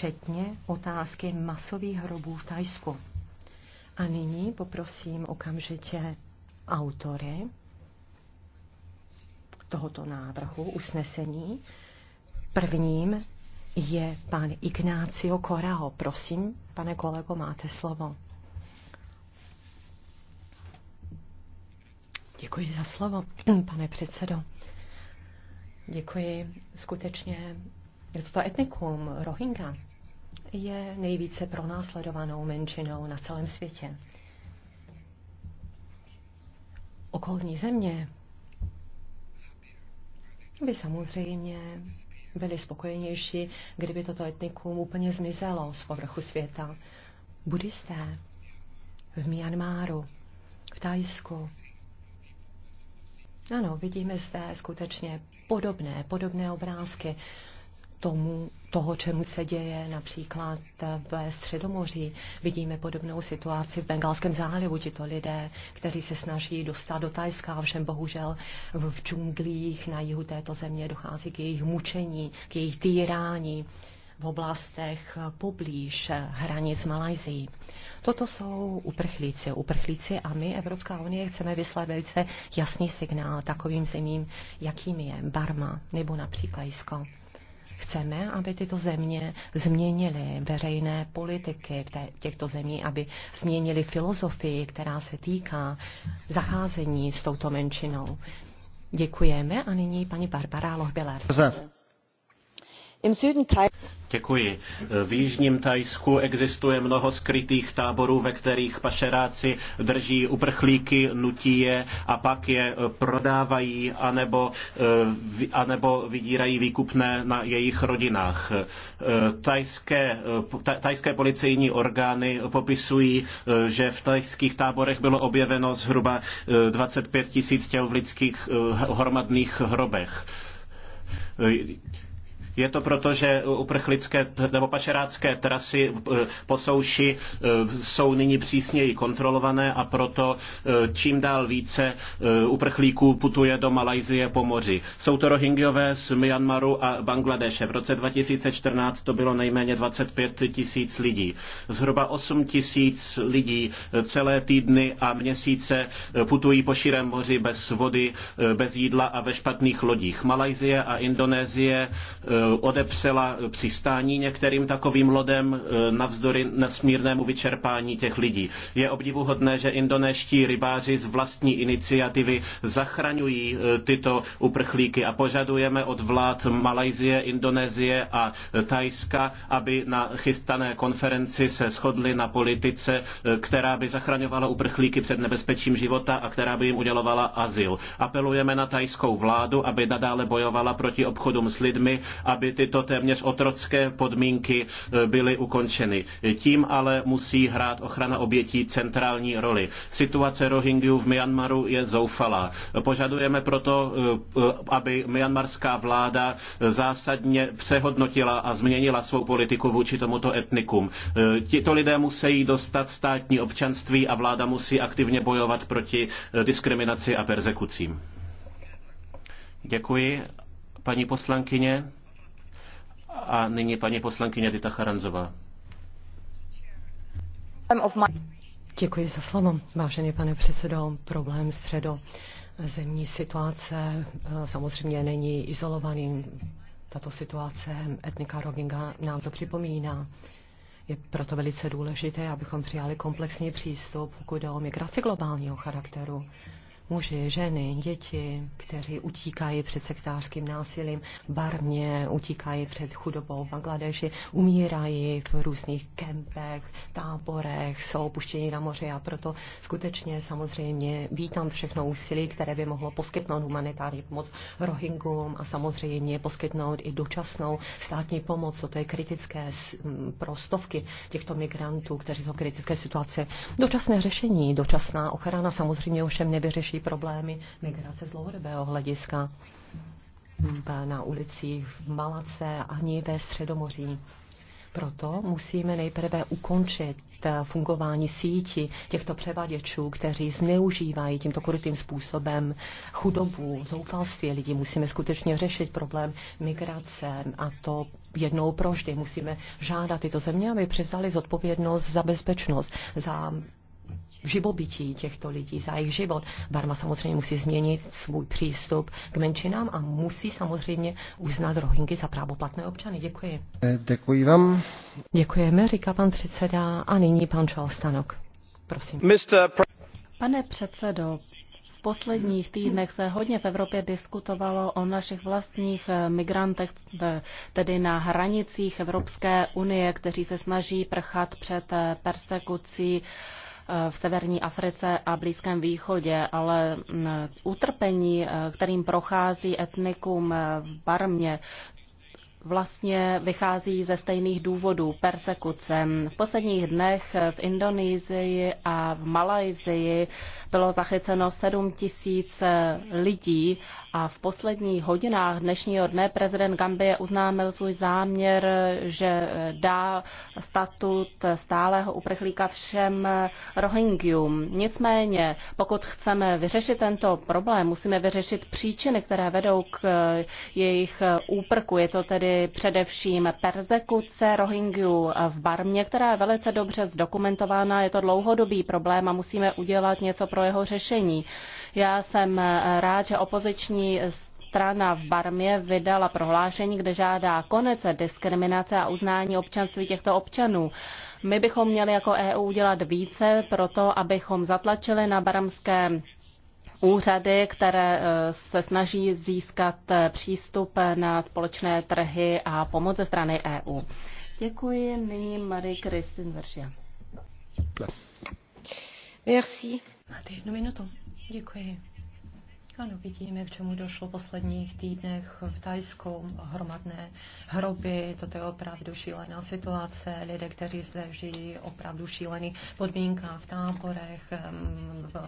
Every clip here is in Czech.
včetně otázky masových hrobů v Tajsku. A nyní poprosím okamžitě autory tohoto návrhu usnesení. Prvním je pan Ignácio Korao. Prosím, pane kolego, máte slovo. Děkuji za slovo, pane předsedo. Děkuji. Skutečně je to to etnikum Rohingya, je nejvíce pronásledovanou menšinou na celém světě. Okolní země by samozřejmě byli spokojenější, kdyby toto etnikum úplně zmizelo z povrchu světa. Buddhisté v Myanmáru, v Tajsku. Ano, vidíme zde skutečně podobné, podobné obrázky tomu, toho, čemu se děje například ve Středomoří. Vidíme podobnou situaci v Bengalském zálivu. Tito lidé, kteří se snaží dostat do Tajska, všem bohužel v džunglích na jihu této země dochází k jejich mučení, k jejich týrání v oblastech poblíž hranic Malajzii. Toto jsou uprchlíci. Uprchlíci a my, Evropská unie, chceme vyslat velice jasný signál takovým zemím, jakým je Barma nebo například Jisko. Chceme, aby tyto země změnily veřejné politiky těchto zemí, aby změnily filozofii, která se týká zacházení s touto menšinou. Děkujeme a nyní paní Barbara Lohbiller. Děkuji. V jižním Tajsku existuje mnoho skrytých táborů, ve kterých pašeráci drží uprchlíky, nutí je a pak je eh, prodávají anebo, eh, anebo vydírají výkupné na jejich rodinách. Eh, tajské, tajské policejní orgány popisují, že v tajských táborech bylo objeveno zhruba 25 tisíc těl v lidských hromadných hrobech je to proto, že uprchlické nebo pašerácké trasy eh, po souši eh, jsou nyní přísněji kontrolované a proto eh, čím dál více uprchlíků putuje do Malajzie po moři. Jsou to Rohingyové z Myanmaru a Bangladeše. V roce 2014 to bylo nejméně 25 tisíc lidí. Zhruba 8 tisíc lidí celé týdny a měsíce putují po širém moři bez vody, bez jídla a ve špatných lodích. Malajzie a Indonésie Eh, odepřela přistání některým takovým lodem eh, navzdory nesmírnému vyčerpání těch lidí. Je obdivuhodné, že indonéští rybáři z vlastní iniciativy zachraňují eh, tyto uprchlíky a požadujeme od vlád Malajsie, Indonésie a Thajska, aby na chystané konferenci se shodli na politice, která by zachraňovala uprchlíky před nebezpečím života a která by jim udělovala azyl. Apelujeme na thajskou vládu, aby nadále bojovala proti obchodům s lidmi aby tyto téměř otrocké podmínky e, byly ukončeny. Tím ale musí hrát ochrana obětí centrální roli. Situace Rohingyů v Myanmaru je zoufalá. Požadujeme proto, e, e, aby myanmarská vláda zásadně přehodnotila a změnila svou politiku vůči tomuto etnikum. Tito lidé musí dostat státní občanství a vláda musí aktivně bojovat proti diskriminaci a persekucím. Děkuji, paní poslankyně. A nyní paní poslankyně Dita Charanzová. Děkuji za slovo, vážený pane předsedo. Problém středo zemní situace eh, samozřejmě není izolovaný. Tato situace etnika roginga. nám to připomíná. Je proto velice důležité, abychom přijali komplexní přístup, pokud jde o migraci globálního charakteru muži, ženy, děti, kteří utíkají před sektářským násilím, barmě, utíkají před chudobou v Bangladeši, umírají v různých kempech, táborech, jsou opuštěni na moři a proto skutečně samozřejmě vítám všechno úsilí, které by mohlo poskytnout humanitární pomoc Rohingům a samozřejmě poskytnout i dočasnou státní pomoc, co to je kritické pro stovky těchto migrantů, kteří jsou v kritické situace Dočasné řešení, dočasná ochrana samozřejmě ovšem nevyřeší problémy migrace z dlouhodobého hlediska na ulicích v Malace ani ve Středomoří. Proto musíme nejprve ukončit fungování síti těchto převaděčů, kteří zneužívají tímto krutým způsobem chudobu, zoufalství lidí. Musíme skutečně řešit problém migrace a to jednou proždy. Musíme žádat tyto země, aby převzali zodpovědnost za bezpečnost, za živobytí těchto lidí, za jejich život. Barma samozřejmě musí změnit svůj přístup k menšinám a musí samozřejmě uznat rohinky za právoplatné občany. Děkuji. Eh, děkuji vám. Děkujeme, říká pan předseda a nyní pan Charles Stanok. Prosím. Pane předsedo, v posledních týdnech se hodně v Evropě diskutovalo o našich vlastních eh, migrantech, tedy na hranicích Evropské unie, kteří se snaží prchat před eh, persekucí v severní Africe a Blízkém východě, ale utrpení, e, kterým prochází etnikum v Barmě, vlastně vychází ze stejných důvodů persekuce. V posledních dnech v Indonésii a v Malajzii bylo zachyceno 7 tisíc eh, lidí a v posledních hodinách dnešního dne prezident Gambie uznámil svůj záměr, eh, že eh, dá statut stáleho uprchlíka všem Rohingyům. Nicméně, pokud chceme vyřešit tento problém, musíme vyřešit příčiny, které vedou k jejich úprku. Je to tedy především persekuce Rohingyů v Barmě, která je velice dobře zdokumentována. Je to dlouhodobý problém a musíme udělat něco pro pro jeho řešení. Já jsem eh, rád, že opoziční strana v Barmě vydala prohlášení, kde žádá konec diskriminace a uznání občanství těchto občanů. My bychom měli jako EU udělat více pro to, abychom zatlačili na barmské úřady, které eh, se snaží získat eh, přístup na společné trhy a pomoc ze strany EU. Děkuji. Nyní Marie Christine Veržia. Merci. Máte jednu minutu. Děkuji. Ano, vidíme, k čemu došlo v posledních týdnech v Tajsku. Hromadné hroby, toto je opravdu šílená situace. Lidé, kteří zde žijí, opravdu šílený podmínka v táborech,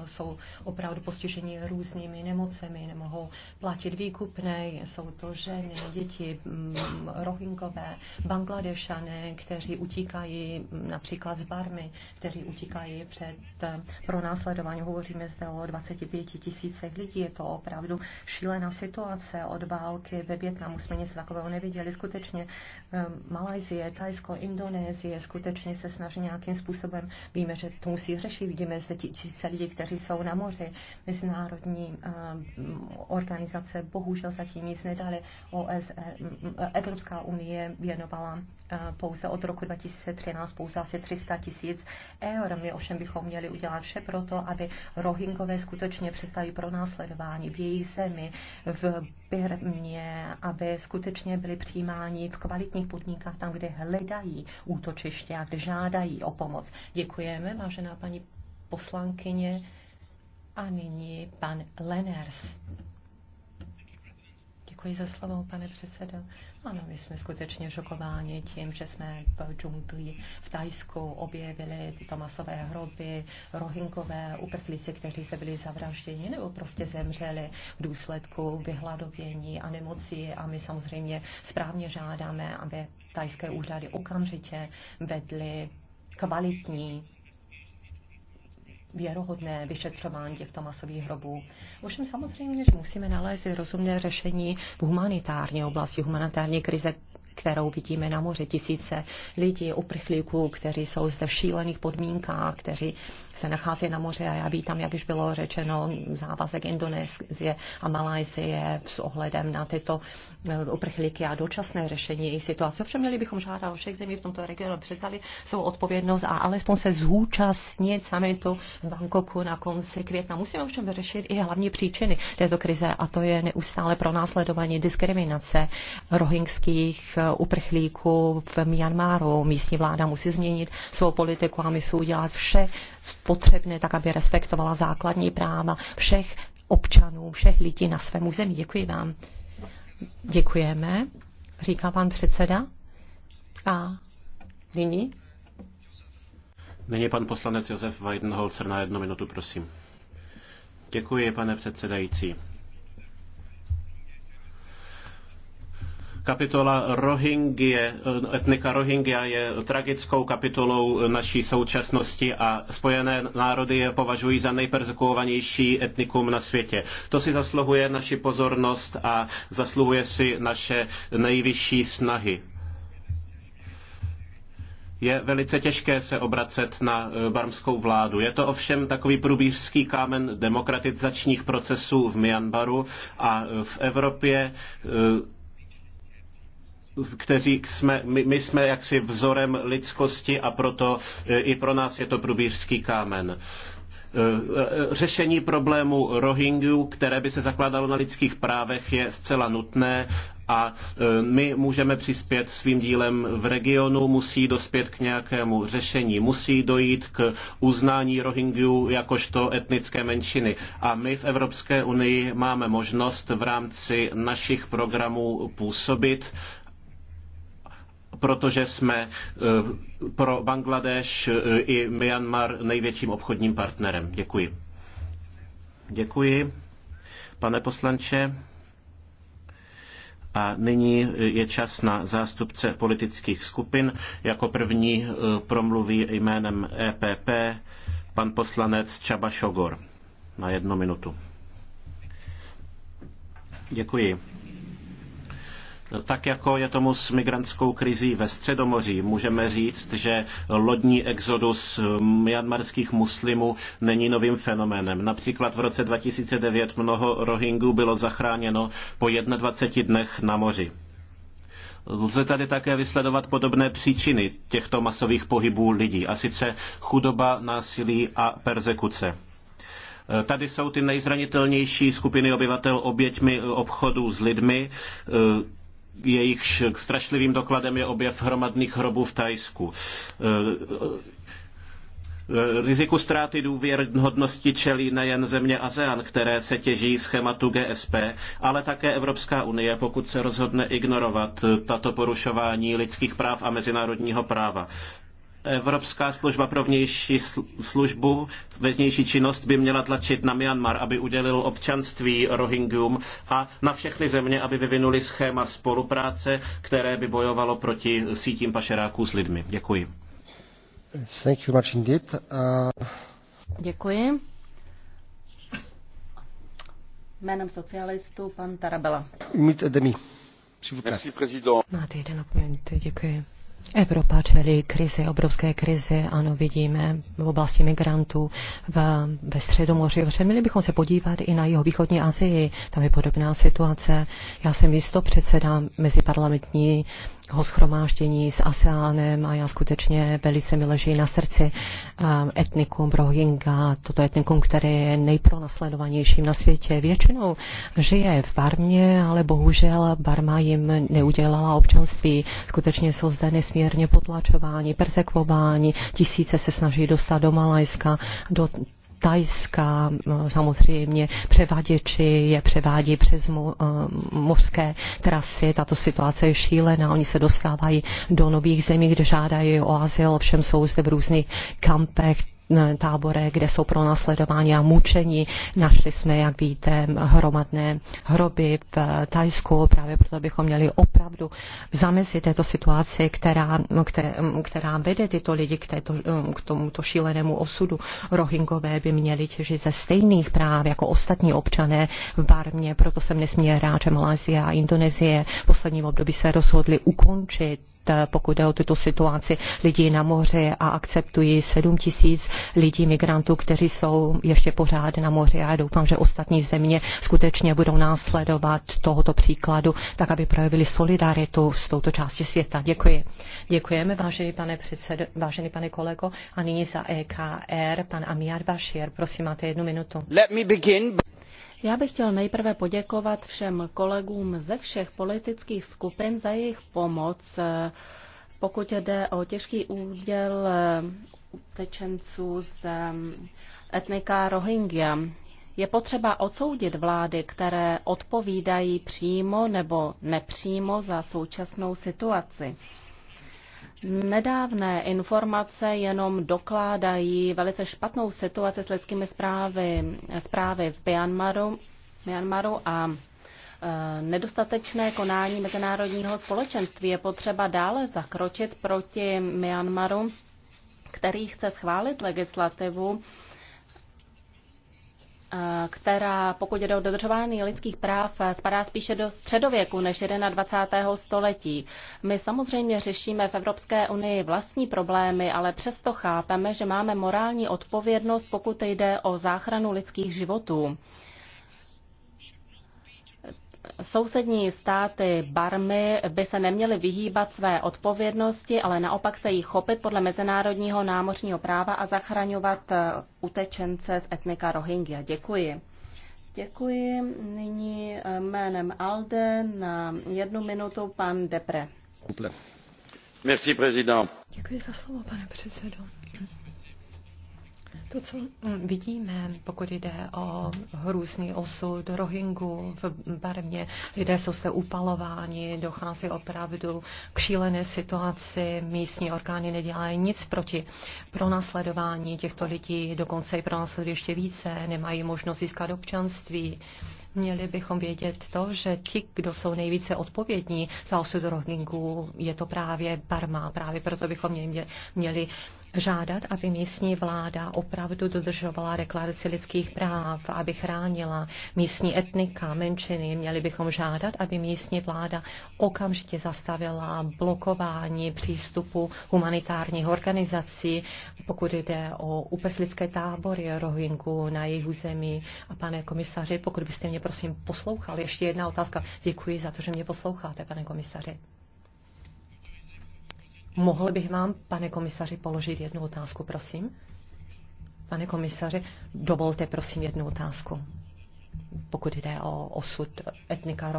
jsou opravdu postiženi různými nemocemi, nemohou platit výkupné, jsou to ženy, děti, mm, rohinkové, bangladešané, kteří utíkají například z barmy, kteří utíkají před eh, pronásledováním. Hovoříme zde o 25 tisícech lidí, je to to opravdu šílená situace od války ve Větnamu. Jsme nic takového neviděli. Skutečně ehm, Malajzie, Tajsko, Indonésie skutečně se snaží nějakým způsobem. Víme, že to musí řešit. Vidíme zde tisíce lidí, kteří jsou na moři. Mezinárodní ehm, organizace bohužel zatím nic nedali. E, Evropská unie věnovala ehm, pouze od roku 2013 pouze asi 300 tisíc eur. My ovšem bychom měli udělat vše proto, aby Rohingové skutečně přestali pronásledovat přijímáni v jejich zemi, v Birmě, aby skutečně byli přijímáni v kvalitních podmínkách, tam, kde hledají útočiště a kde žádají o pomoc. Děkujeme, vážená paní poslankyně. A nyní pan Leners. Děkuji za slovo, pane předsedo. Ano, my jsme skutečně šokováni tím, že jsme v džungli v Tajsku objevili tyto masové hroby, rohinkové uprchlíci, kteří se byli zavražděni nebo prostě zemřeli v důsledku vyhladovění a nemocí. A my samozřejmě správně žádáme, aby tajské úřady okamžitě vedly kvalitní věrohodné vyšetřování těchto masových hrobů. Ovšem samozřejmě, že musíme nalézt rozumné řešení v humanitární oblasti, humanitární krize, kterou vidíme na moře. Tisíce lidí, uprchlíků, kteří jsou zde v šílených podmínkách, kteří se nachází na moře a já vítám, jak už bylo řečeno, závazek Indonésie a Malajzie s ohledem na tyto eh, uprchlíky a dočasné řešení jejich situace. Ovšem měli bychom žádat o všech zemí v tomto regionu převzali svou odpovědnost a alespoň se zúčastnit samitu v Bangkoku na konci května. Musíme ovšem vyřešit i hlavní příčiny této krize a to je neustále pronásledování diskriminace rohingských eh, uprchlíků v Myanmaru. Místní vláda musí změnit svou politiku a musí udělat vše potřebné, tak aby respektovala základní práva všech občanů, všech lidí na svém území. Děkuji vám. Děkujeme, říká pan předseda. A nyní? Nyní pan poslanec Josef Weidenholzer na jednu minutu, prosím. Děkuji, pane předsedající. Kapitola Rohingie, etnika Rohingya je tragickou kapitolou naší současnosti a Spojené národy je považují za nejperzekovanější etnikum na světě. To si zasluhuje naši pozornost a zasluhuje si naše nejvyšší snahy je velice těžké se obracet na eh, barmskou vládu. Je to ovšem takový průbířský kámen demokratizačních procesů v Myanmaru a eh, v Evropě eh, kteří jsme, my, my jsme jaksi vzorem lidskosti a proto e, i pro nás je to průbířský kámen e, e, řešení problému Rohingyů, které by se zakládalo na lidských právech, je zcela nutné a my můžeme přispět svým dílem v regionu, musí dospět k nějakému řešení, musí dojít k uznání Rohingyů jakožto etnické menšiny. A my v Evropské unii máme možnost v rámci našich programů působit protože jsme eh, pro Bangladeš eh, i Myanmar největším obchodním partnerem. Děkuji. Děkuji, pane poslanče. A nyní eh, je čas na zástupce politických skupin. Jako první promluví jménem EPP pan poslanec Čaba Šogor na jednu minutu. Děkuji. Tak jako je tomu s migrantskou krizí ve Středomoří, můžeme říct, že lodní exodus myanmarských muslimů není novým fenoménem. Například v roce 2009 mnoho Rohingů bylo zachráněno po 21 dnech na moři. Lze tady také vysledovat podobné příčiny těchto masových pohybů lidí, a sice chudoba, násilí a persekuce. Tady jsou ty nejzranitelnější skupiny obyvatel oběťmi obchodu s lidmi, jejichž strašlivým dokladem je objev hromadných hrobů v Tajsku. E, e, e, riziku ztráty důvěrhodnosti čelí nejen země ASEAN, které se těží schématu GSP, ale také Evropská unie, pokud se rozhodne ignorovat tato porušování lidských práv a mezinárodního práva. Evropská služba pro vnější službu, vnější činnost by měla tlačit na Myanmar, aby udělil občanství Rohingyům a na všechny země, aby vyvinuli schéma spolupráce, které by bojovalo proti sítím pašeráků s lidmi. Děkuji. Thank you much indeed. Uh... Děkuji. Jménem socialistů pan Tarabela. Máte jeden opět, děkuji. Evropa čelí krizi, obrovské krizi, ano, vidíme v oblasti migrantů v, ve Středomoři. Ovšem, měli bychom se podívat i na jeho východní Asii, tam je podobná situace. Já jsem místo předseda meziparlamentního schromáždění s ASEANem a já skutečně velice mi leží na srdci um, etnikum Rohingya, toto etnikum, které je nejpronasledovanějším na světě. Většinou žije v Barmě, ale bohužel Barma jim neudělala občanství. Skutečně jsou zde nesmírně nesmírně potlačováni, persekvováni, tisíce se snaží dostat do Malajska, do Tajska, no, samozřejmě převaděči je převádí přes mo, eh, mořské trasy. Tato situace je šílená, oni se dostávají do nových zemí, kde žádají o azyl, ovšem jsou zde v různých kampech, Eh, tábore, kde jsou pro následování a mučení. Našli jsme, jak víte, hromadné hroby v Tajsku, právě proto bychom měli opravdu zamezit této situaci, která, která vede tyto lidi k, této, eh, k tomuto šílenému osudu. Rohingové by měli těžit ze stejných práv jako ostatní občané v Barmě, proto jsem nesmírně rád, že Malázie a Indonésie v posledním období se rozhodli ukončit pokud jde o tuto situaci lidí na moři a akceptují 7 tisíc lidí migrantů, kteří jsou ještě pořád na moři a já doufám, že ostatní země skutečně budou následovat tohoto příkladu, tak aby projevili solidaritu s touto částí světa. Děkuji. Děkujeme, vážený pane, předsedo, vážený pane kolego. A nyní za EKR, pan Amiar Bashir. Prosím, máte jednu minutu. Let me begin. Já bych chtěl nejprve poděkovat všem kolegům ze všech politických skupin za jejich pomoc, pokud jde o těžký úděl eh, utečenců z eh, etnika Rohingya. Je potřeba odsoudit vlády, které odpovídají přímo nebo nepřímo za současnou situaci. Nedávné informace jenom dokládají velice špatnou situaci s lidskými zprávy, zprávy v Myanmaru, Myanmaru a e, nedostatečné konání mezinárodního společenství. Je potřeba dále zakročit proti Myanmaru, který chce schválit legislativu, Eh, která, pokud jde o dodržování lidských práv, eh, spadá spíše do středověku než 21. století. My samozřejmě řešíme v Evropské unii vlastní problémy, ale přesto chápeme, že máme morální odpovědnost, pokud jde o záchranu lidských životů sousední státy Barmy by se neměly vyhýbat své odpovědnosti, ale naopak se jí chopit podle mezinárodního námořního práva a zachraňovat eh, utečence z etnika Rohingya. Děkuji. Děkuji. Nyní eh, jménem ALDE na jednu minutu pan Depre. Děkuji za slovo, pane předsedo. To, co vidíme, pokud jde o hrůzný osud Rohingu v barmě, lidé jsou zde upalováni, dochází opravdu k šílené situaci, místní orgány nedělají nic proti pronásledování těchto lidí, dokonce i pronásledují ještě více, nemají možnost získat občanství. Měli bychom vědět to, že ti, kdo jsou nejvíce odpovědní za osud Rohingu, je to právě Barma. Právě proto bychom měli, měli žádat, aby místní vláda opravdu dodržovala deklaraci lidských práv, aby chránila místní etnika, menšiny. Měli bychom žádat, aby místní vláda okamžitě zastavila blokování přístupu humanitárních organizací, pokud jde o uprchlické tábory Rohingu na jejich území. A pane komisaři, pokud byste mě prosím poslouchali, ještě jedna otázka. Děkuji za to, že mě posloucháte, pane komisaři. Mohl bych vám, pane komisaři, položit jednu otázku, prosím? Pane komisaři, dovolte prosím jednu otázku, pokud jde o osud etnika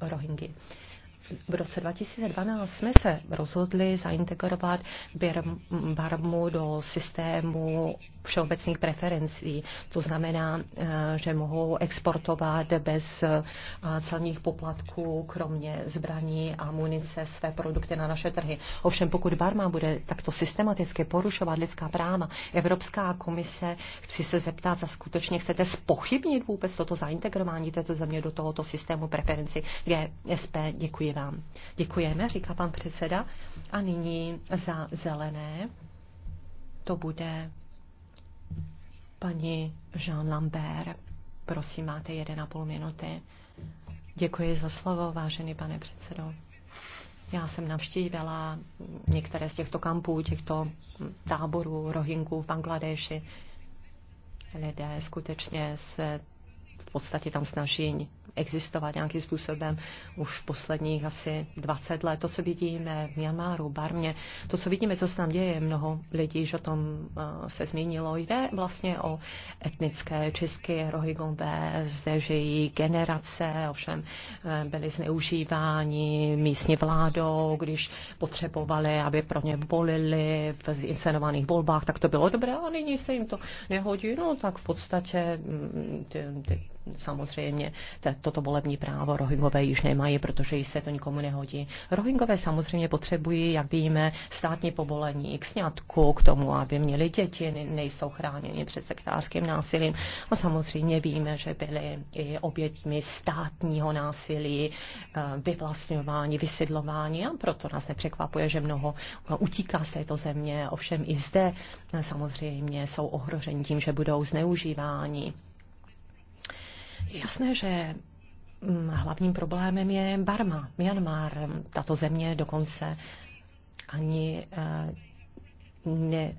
Rohingy v roce 2012 jsme se rozhodli zaintegrovat Barmu do systému všeobecných preferencí. To znamená, eh, že mohou exportovat bez eh, celních poplatků, kromě zbraní a munice, své produkty na naše trhy. Ovšem, pokud Barma bude takto systematicky porušovat lidská práva, Evropská komise chci se zeptat, za skutečně chcete spochybnit vůbec toto zaintegrování této země do tohoto systému preferenci GSP. Děkuji vám. Děkujeme, říká pan předseda. A nyní za zelené to bude paní Jean Lambert. Prosím, máte půl minuty. Děkuji za slovo, vážený pane předsedo. Já jsem navštívila některé z těchto kampů, těchto táborů Rohingů v Bangladeši. Lidé skutečně se v podstatě tam snaží existovat nějakým způsobem už posledních asi 20 let. To, co vidíme v Myanmaru, Barmě, to, co vidíme, co se tam děje, mnoho lidí, že o tom eh, se změnilo, jde vlastně o etnické čistky, rohingové, zde žijí generace, ovšem eh, byly zneužíváni místní vládou, když potřebovali, aby pro ně volili v inscenovaných volbách, tak to bylo dobré a nyní se jim to nehodí, no tak v podstatě mm, ty, ty samozřejmě toto volební právo Rohingové již nemají, protože již se to nikomu nehodí. Rohingové samozřejmě potřebují, jak víme, státní povolení k sňatku, k tomu, aby měli děti, nejsou chráněni před sektářským násilím. A samozřejmě víme, že byly i oběťmi státního násilí, eh, vyvlastňování, vysidlování a proto nás nepřekvapuje, že mnoho eh, utíká z této země. Ovšem i zde eh, samozřejmě jsou ohroženi tím, že budou zneužíváni Jasné, že mm, hlavním problémem je Barma, Myanmar. Tato země dokonce ani eh, ne,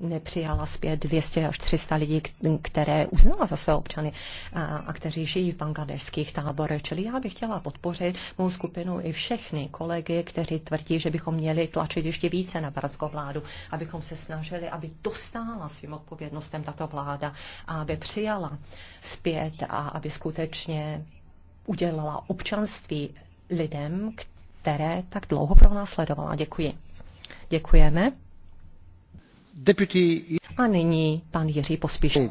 nepřijala zpět 200 až 300 lidí, které uznala za své občany a, a kteří žijí v bangladešských táborech. Čili já bych chtěla podpořit mou skupinu i všechny kolegy, kteří tvrdí, že bychom měli tlačit ještě více na bratskou vládu, abychom se snažili, aby dostála svým odpovědnostem tato vláda a aby přijala zpět a aby skutečně udělala občanství lidem, které tak dlouho sledovala. Děkuji. Děkujeme. A nyní pan Jiří Pospíšil.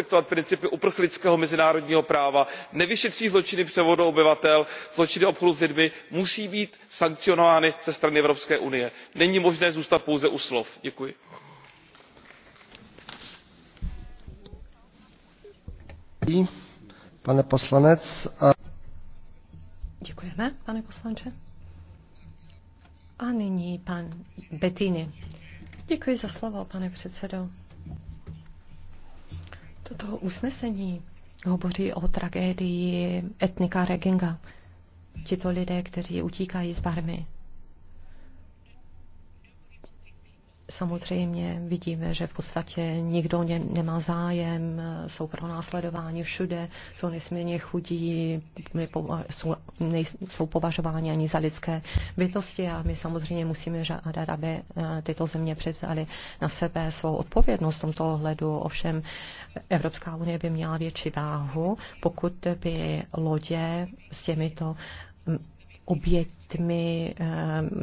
respektovat principy uprchlického mezinárodního práva nevyšetří zločiny převodu obyvatel zločiny obchodu s lidmi musí být sankcionovány ze strany evropské unie. není možné zůstat pouze u slov. děkuji. poslanec. A nyní pan Děkuji za slovo, toho usnesení hovoří o tragédii etnika Reginga. Tito lidé, kteří utíkají z Barmy. Samozřejmě vidíme, že v podstatě nikdo ně nemá zájem, jsou pro následování všude, jsou nesmírně chudí, jsou, nejsou považováni ani za lidské bytosti a my samozřejmě musíme žádat, aby eh, tyto země převzaly na sebe svou odpovědnost v tomto ohledu. Ovšem Evropská unie by měla větší váhu, pokud by lodě s těmito obětí tmy eh,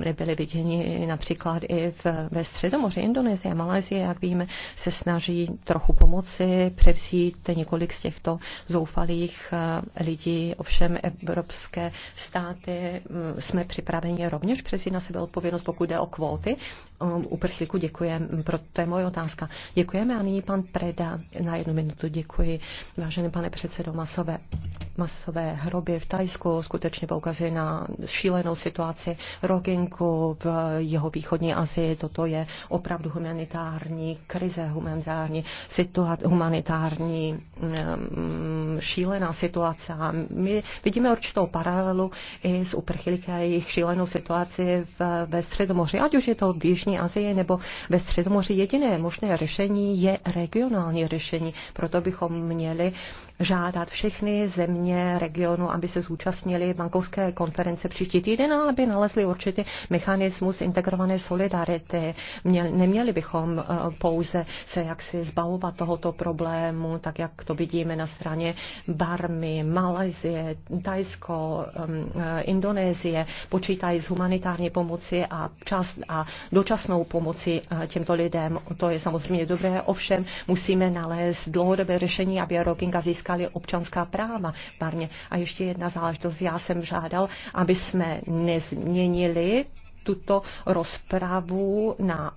nebyly viděni například i v, ve Středomoři Indonésie a Malézie, jak víme, se snaží trochu pomoci převzít několik z těchto zoufalých eh, lidí. Ovšem evropské státy mm, jsme připraveni rovněž převzít na sebe odpovědnost, pokud jde o kvóty. Eh, uprchlíku děkujeme, mm, proto je moje otázka. Děkujeme a nyní pan Preda na jednu minutu. Děkuji, vážený pane předsedo, masové, masové hroby v Tajsku skutečně poukazuje na šílenou situaci Rohingů v jeho východní Asii. Toto je opravdu humanitární krize, humanitární, situace, humanitární mm, šílená situace. A my vidíme určitou paralelu i s uprchlíky a jejich šílenou situaci v, ve Středomoři, ať už je to v Jižní Asii nebo ve Středomoři. Jediné možné řešení je regionální řešení. Proto bychom měli žádat všechny země regionu, aby se zúčastnili bankovské konference příští týden znamená, aby nalezli určitý mechanismus integrované solidarity. Měl, neměli bychom eh, pouze se jaksi zbavovat tohoto problému, tak jak to vidíme na straně Barmy, Malajzie, Tajsko, eh, Indonésie, počítají s humanitární pomoci a, čas, a dočasnou pomoci eh, těmto lidem. To je samozřejmě dobré, ovšem musíme nalézt dlouhodobé řešení, aby Rohingya získali občanská práva. Barmě. A ještě jedna záležitost. Já jsem žádal, aby jsme nezměnili tuto rozpravu na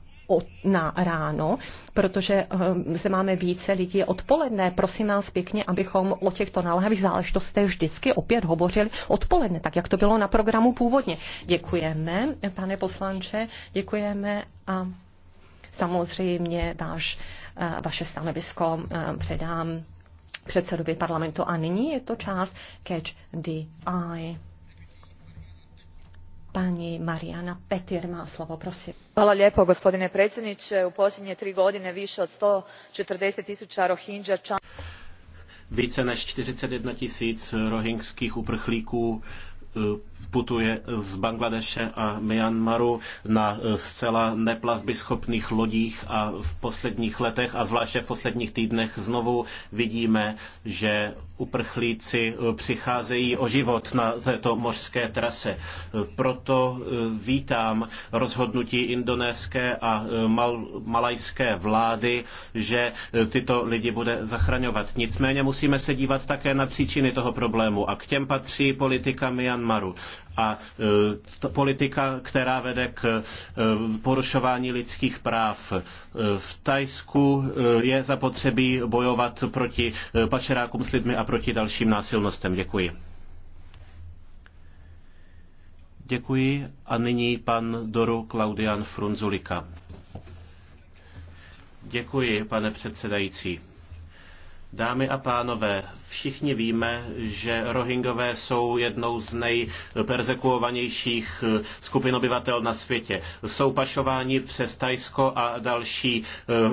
na ráno, protože eh, zde máme více lidí odpoledne. Prosím nás pěkně, abychom o těchto naléhavých záležitostech vždycky opět hovořili odpoledne, tak jak to bylo na programu původně. Děkujeme, pane poslanče, děkujeme a samozřejmě váš, eh, vaše stanovisko eh, předám předsedovi parlamentu. A nyní je to část Catch the Eye. Pani Marijana Petir má slovo, prosím. Hvala lijepo, gospodine predsjedniče. U posljednje tri godine više od 140 tisuća rohinđa čan... Více než 41 tisíc rohingských uprchlíků eh, putuje z Bangladeše a Myanmaru na eh, zcela neplavbyschopných lodích a v posledních letech a zvláště v posledních týdnech znovu vidíme, že uprchlíci eh, přicházejí o život na této mořské trase. Eh, proto vítám rozhodnutí indonéské a mal, malajské vlády, že tyto lidi bude zachraňovat. Nicméně musíme se dívat také na příčiny toho problému a k těm patří politika Myanmaru. A e, politika, která vede k e, porušování lidských práv. E, v Tajsku je zapotřebí bojovat proti pašerákům s lidmi a proti dalším násilnostem. Děkuji. Děkuji a nyní pan Doru Klaudian Frunzulika. Děkuji, pane předsedající. Dámy a pánové, Všichni víme, že Rohingové jsou jednou z nejperzekuovanějších eh, skupin obyvatel na světě. Jsou pašováni přes Tajsko a další eh,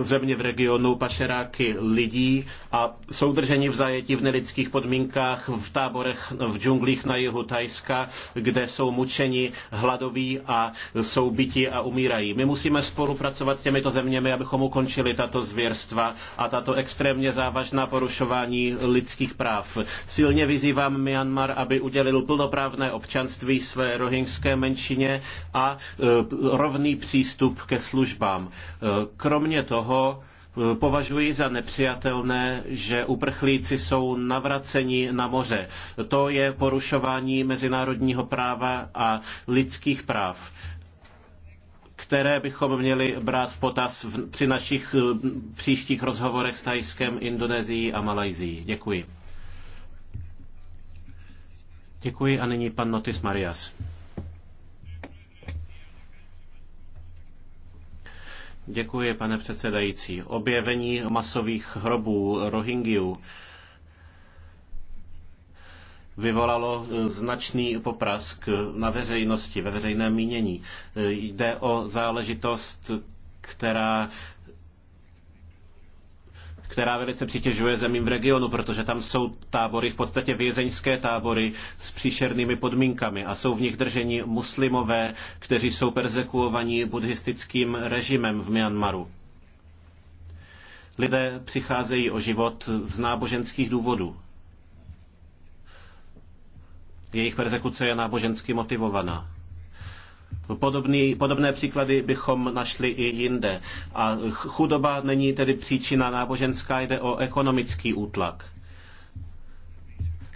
země v regionu pašeráky lidí a jsou drženi v zajetí v nelidských podmínkách v táborech v džunglích na jihu Tajska, kde jsou mučeni, hladoví a jsou byti a umírají. My musíme spolupracovat s těmito zeměmi, abychom ukončili tato zvěrstva a tato extrémně závažná porušování lidských lidských práv. Silně vyzývám Myanmar, aby udělil plnoprávné občanství své rohingské menšině a e, rovný přístup ke službám. E, kromě toho, e, Považuji za nepřijatelné, že uprchlíci jsou navraceni na moře. To je porušování mezinárodního práva a lidských práv které bychom měli brát v potaz v, při našich příštích rozhovorech s Tajskem, Indonésií a Malajsií. Děkuji. Děkuji a nyní pan Notis Marias. Děkuji, pane předsedající. Objevení masových hrobů Rohingyů vyvolalo značný poprask na veřejnosti, ve veřejném mínění. Jde o záležitost, která která velice přitěžuje zemím v regionu, protože tam jsou tábory, v podstatě vězeňské tábory s příšernými podmínkami a jsou v nich drženi muslimové, kteří jsou persekuovaní buddhistickým režimem v Myanmaru. Lidé přicházejí o život z náboženských důvodů. Jejich persekuce je nábožensky motivovaná. Podobný, podobné příklady bychom našli i jinde. A chudoba není tedy příčina náboženská, jde o ekonomický útlak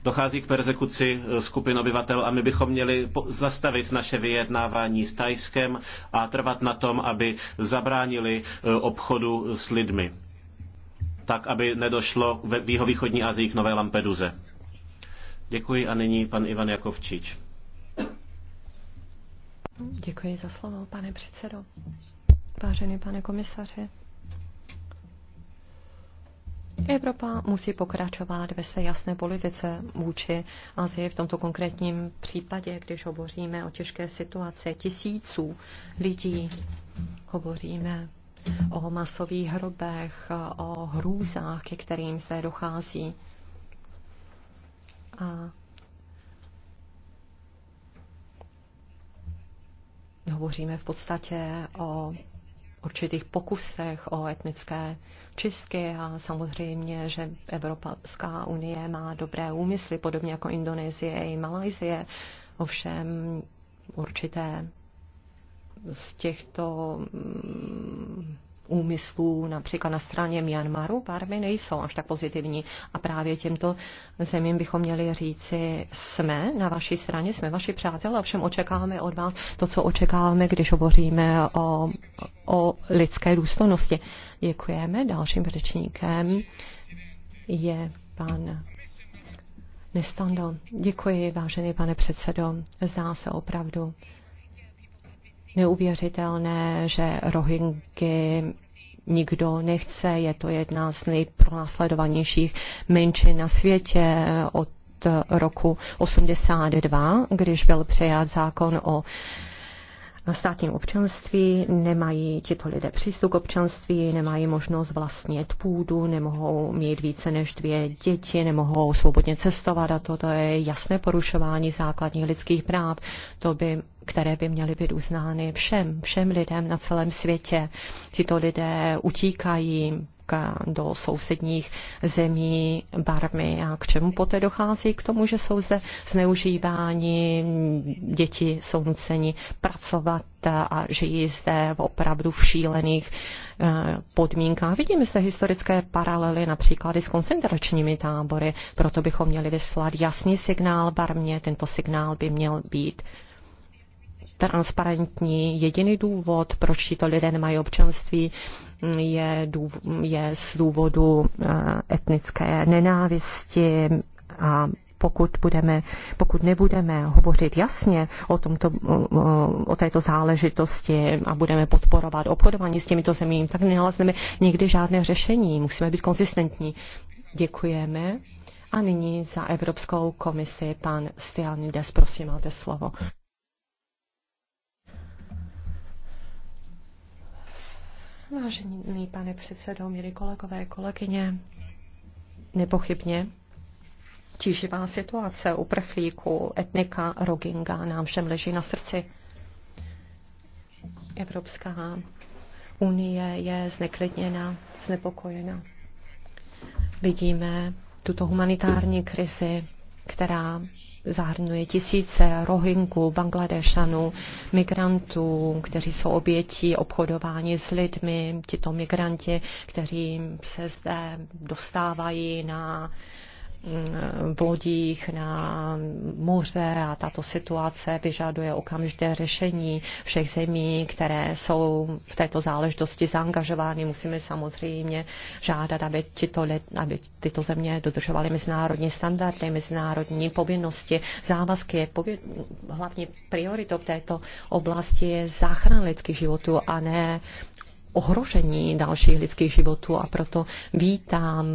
dochází k persekuci eh, skupin obyvatel a my bychom měli zastavit naše vyjednávání s Tajskem a trvat na tom, aby zabránili eh, obchodu s lidmi. Tak, aby nedošlo v jihovýchodní Asii k Nové Lampeduze. Děkuji a nyní pan Ivan Jakovčič. Děkuji za slovo, pane předsedo. Vážený pane komisaři, Evropa musí pokračovat ve své jasné politice vůči Azii v tomto konkrétním případě, když hovoříme o těžké situaci tisíců lidí, hovoříme o masových hrobech, o hrůzách, ke kterým se dochází. A hovoříme v podstatě o určitých pokusech o etnické čistky a samozřejmě, že Evropská unie má dobré úmysly, podobně jako Indonésie i Malajzie. Ovšem určité z těchto mm, úmyslů, například na straně Myanmaru, barvy nejsou až tak pozitivní. A právě těmto zemím bychom měli říci, jsme na vaší straně, jsme vaši přátelé, ovšem očekáváme od vás to, co očekáváme, když hovoříme o, o lidské důstojnosti. Děkujeme. Dalším řečníkem je pan Nestando. Děkuji, vážený pane předsedo. Zdá se opravdu neuvěřitelné, že Rohingy nikdo nechce, je to jedna z nejpronásledovanějších menšin na světě od roku 82, když byl přijat zákon o státním občanství, nemají tito lidé přístup k občanství, nemají možnost vlastnit půdu, nemohou mít více než dvě děti, nemohou svobodně cestovat a toto je jasné porušování základních lidských práv, to by, které by měly být uznány všem, všem lidem na celém světě. Tito lidé utíkají do sousedních zemí barmy. A k čemu poté dochází? K tomu, že jsou zde zneužívání, děti jsou nuceni pracovat a žijí zde v opravdu v šílených eh, podmínkách. Vidíme zde historické paralely například i s koncentračními tábory, proto bychom měli vyslat jasný signál barmě. Tento signál by měl být transparentní. Jediný důvod, proč tito lidé nemají občanství, je, je z důvodu eh, etnické nenávisti a pokud, budeme, pokud nebudeme hovořit jasně o, tomto, eh, o této záležitosti a budeme podporovat obchodování s těmito zemím, tak nalezneme nikdy žádné řešení. Musíme být konzistentní. Děkujeme. A nyní za Evropskou komisi pan Stianides, prosím, máte slovo. Vážený pane předsedo, milí kolegové, kolegyně, nepochybně tíživá situace uprchlíků, etnika, roginga nám všem leží na srdci. Evropská unie je zneklidněna, znepokojena. Vidíme tuto humanitární krizi, která zahrnuje tisíce rohinků, bangladešanů, migrantů, kteří jsou obětí obchodování s lidmi, tito migranti, kteří se zde dostávají na lodích mm, na moře a tato situace vyžaduje okamžité řešení všech zemí, které jsou v této záležitosti zaangažovány. Musíme samozřejmě žádat, aby tyto, aby tyto země dodržovaly mezinárodní standardy, mezinárodní povinnosti, závazky. Pově, hlavní prioritou v této oblasti je záchrana lidských životů a ne ohrožení dalších lidských životů a proto vítám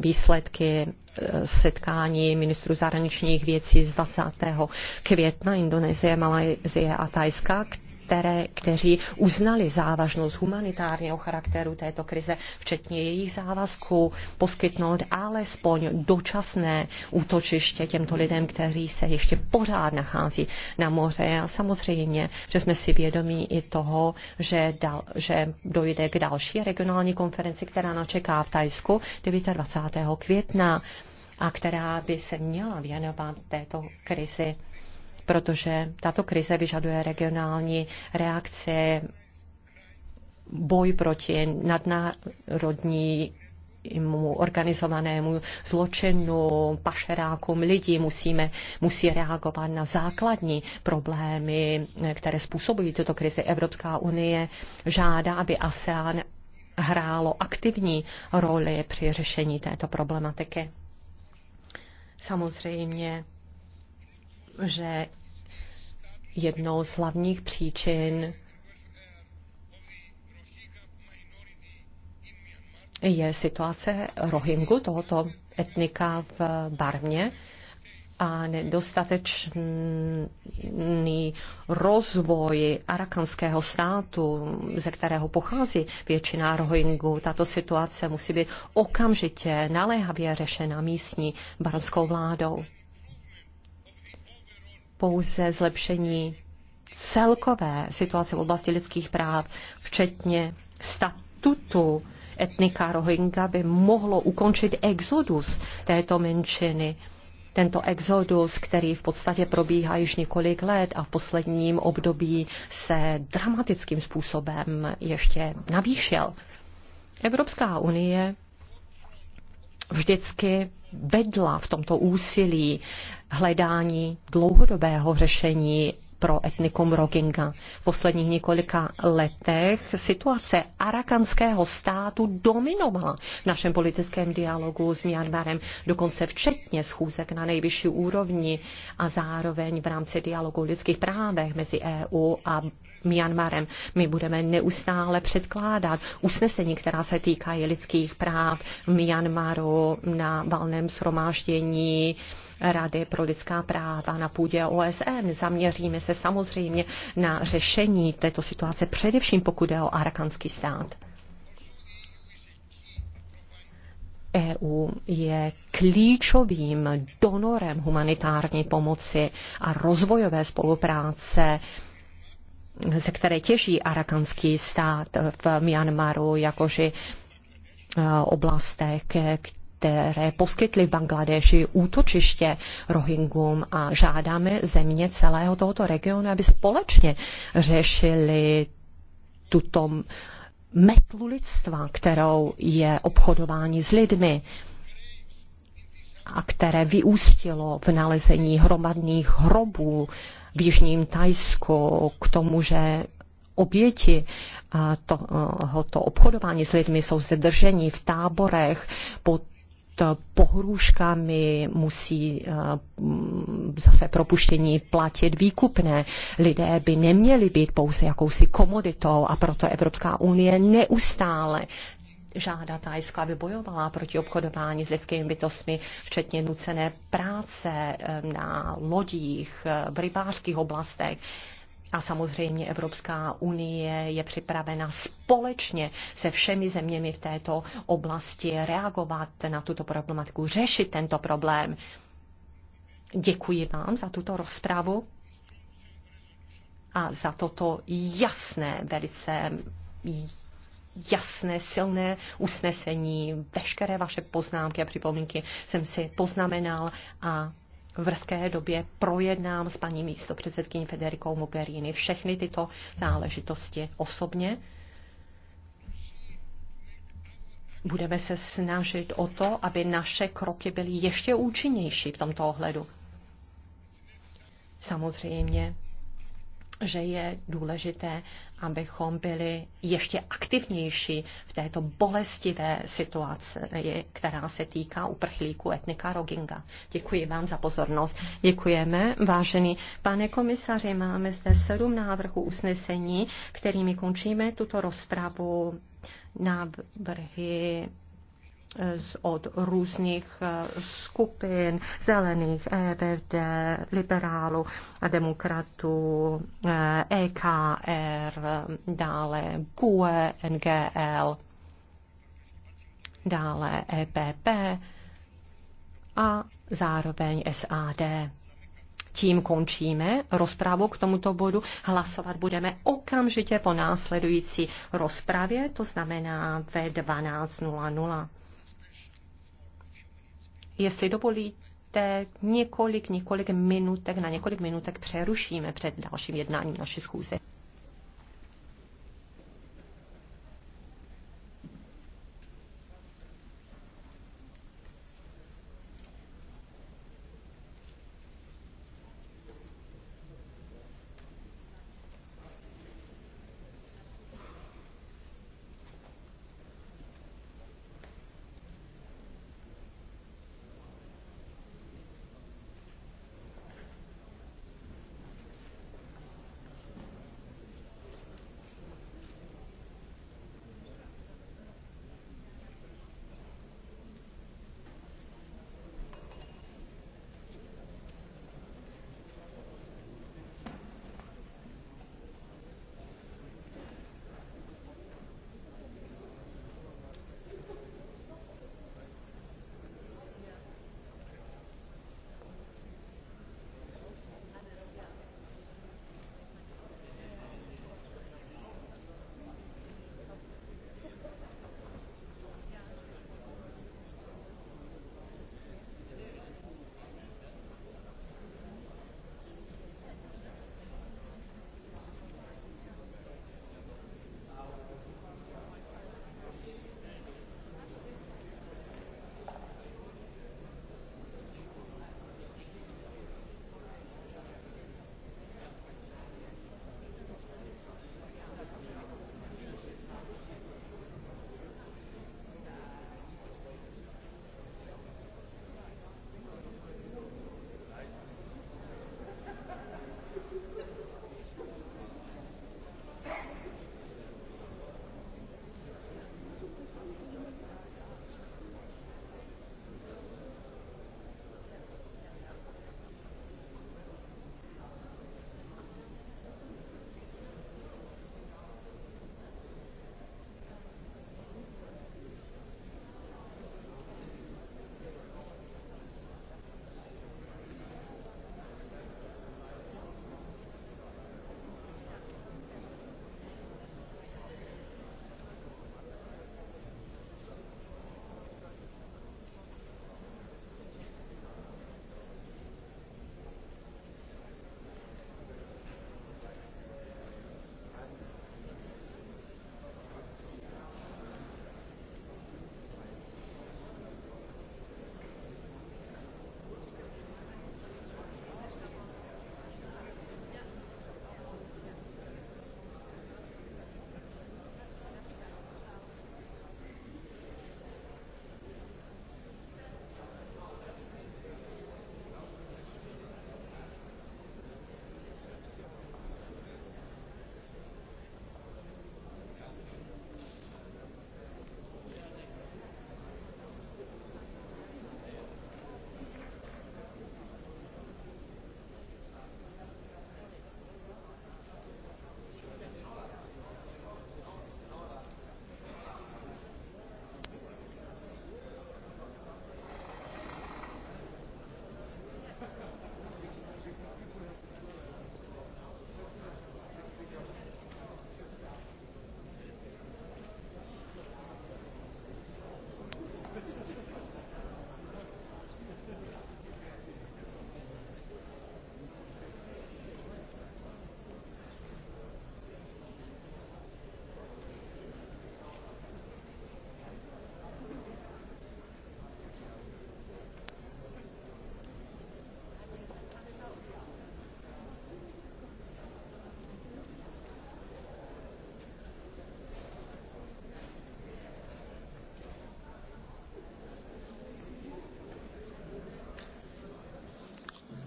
výsledky e, setkání ministrů zahraničních věcí z 20. května Indonésie, Malajzie a Tajska, které, kteří uznali závažnost humanitárního charakteru této krize, včetně jejich závazků, poskytnout alespoň dočasné útočiště těmto lidem, kteří se ještě pořád nachází na moře. A samozřejmě, že jsme si vědomí i toho, že, dal, že dojde k další regionální konferenci, která načeká v Tajsku 29. května a která by se měla věnovat této krizi protože tato krize vyžaduje regionální reakce, boj proti nadnárodní organizovanému zločinu, pašerákům lidí musíme, musí reagovat na základní problémy, které způsobují tuto krizi. Evropská unie žádá, aby ASEAN hrálo aktivní roli při řešení této problematiky. Samozřejmě že jednou z hlavních příčin je situace Rohingu, tohoto etnika v Barmě a nedostatečný rozvoj arakanského státu, ze kterého pochází většina Rohingu. Tato situace musí být okamžitě naléhavě řešena místní barmskou vládou pouze zlepšení celkové situace v oblasti lidských práv, včetně statutu etnika Rohingya, by mohlo ukončit exodus této menšiny. Tento exodus, který v podstatě probíhá již několik let a v posledním období se dramatickým způsobem ještě navýšil. Evropská unie vždycky vedla v tomto úsilí hledání dlouhodobého řešení pro etnikum Roginga. V posledních několika letech situace arakanského státu dominovala v našem politickém dialogu s Myanmarem, dokonce včetně schůzek na nejvyšší úrovni a zároveň v rámci dialogu o lidských právech mezi EU a Myanmarem. My budeme neustále předkládat usnesení, která se týkají lidských práv v Myanmaru na valném shromáždění Rady pro lidská práva na půdě OSN. Zaměříme se samozřejmě na řešení této situace, především pokud je o arakanský stát. EU je klíčovým donorem humanitární pomoci a rozvojové spolupráce ze které těží arakanský stát v Myanmaru, jakoži e, oblastech, které poskytly v Bangladeši útočiště Rohingům a žádáme země celého tohoto regionu, aby společně řešili tuto metlu lidstva, kterou je obchodování s lidmi a které vyústilo v nalezení hromadných hrobů v Jižním Tajsku k tomu, že oběti tohoto obchodování s lidmi jsou zde drženi v táborech pod pohrůžkami, musí eh, mm, za své propuštění platit výkupné. Lidé by neměli být pouze jakousi komoditou a proto Evropská unie neustále žádá Tajsko, aby bojovala proti obchodování s lidskými bytostmi, včetně nucené práce eh, na lodích, eh, v rybářských oblastech. A samozřejmě Evropská unie je připravena společně se všemi zeměmi v této oblasti reagovat na tuto problematiku, řešit tento problém. Děkuji vám za tuto rozpravu a za toto jasné, velice jasné, silné usnesení. Veškeré vaše poznámky a připomínky jsem si poznamenal a v brzké době projednám s paní místopředsedkyní Federikou Mogherini všechny tyto záležitosti osobně. Budeme se snažit o to, aby naše kroky byly ještě účinnější v tomto ohledu. Samozřejmě že je důležité, abychom byli ještě aktivnější v této bolestivé situaci, která se týká uprchlíků etnika Roginga. Děkuji vám za pozornost. Děkujeme, vážený pane komisaři. Máme zde sedm návrhů usnesení, kterými končíme tuto rozpravu. Návrhy od různých eh, skupin, zelených, EBD, liberálů a demokratů, EKR, eh, e dále GUE, NGL, dále EPP a zároveň SAD. Tím končíme rozprávu k tomuto bodu. Hlasovat budeme okamžitě po následující rozpravě, to znamená ve 12.00. Jestli dovolíte, několik, několik minutek, na několik minutek přerušíme před dalším jednáním naší schůze.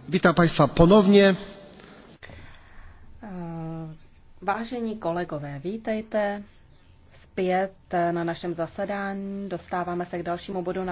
Vítám Państwa ponovně. Eh, vážení kolegové, vítejte zpět na našem zasedání. Dostáváme se k dalšímu bodu na